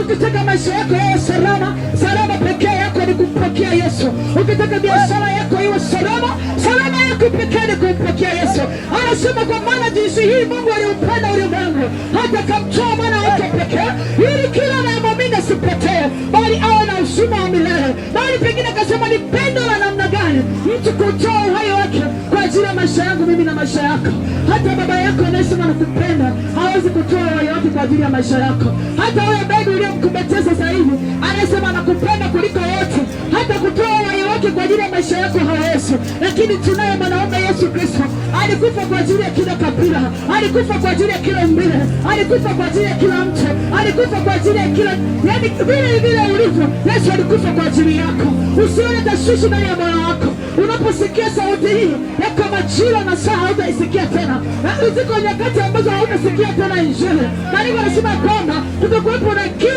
Ukitaka maisha yako yawe salama, salama pekee yako ni kumpokea Yesu. Ukitaka biashara yako iwe salama, salama yako pekee ni kumpokea Yesu. Anasema kwa maana jinsi hii Mungu aliupenda ulimwengu hata akamtoa mwana wake pekee, ili kila anayemwamini asipotee, bali awe na uzima wa milele. Bali pengine akasema ni pendo la namna gani mtu kutoa uhai wake ajili ya maisha yangu mimi na maisha yako. Hata baba yako anayesema nakupenda hawezi kutoa yote kwa ajili ya maisha yako. Hata wewe baba uliyemkumbatiza sasa hivi anayesema anakupenda kuliko yote, hata kutoa yoyote kwa ajili ya maisha yako hawezi. Lakini tunaye mwanaume Yesu Kristo, alikufa kwa ajili ya kila kabila, alikufa kwa ajili ya kila umbile, alikufa kwa ajili ya kila mtu, alikufa kwa ajili ya kila yani, vile vile ulivyo Yesu alikufa kwa ajili yako. Usione tashwishi ndani ya moyo wako unaposikia sauti hii ya majira na saa hautaisikia tena, na ziko nyakati ambazo hautasikia tena Injili, na hivyo nasema kwamba tutakuwepo na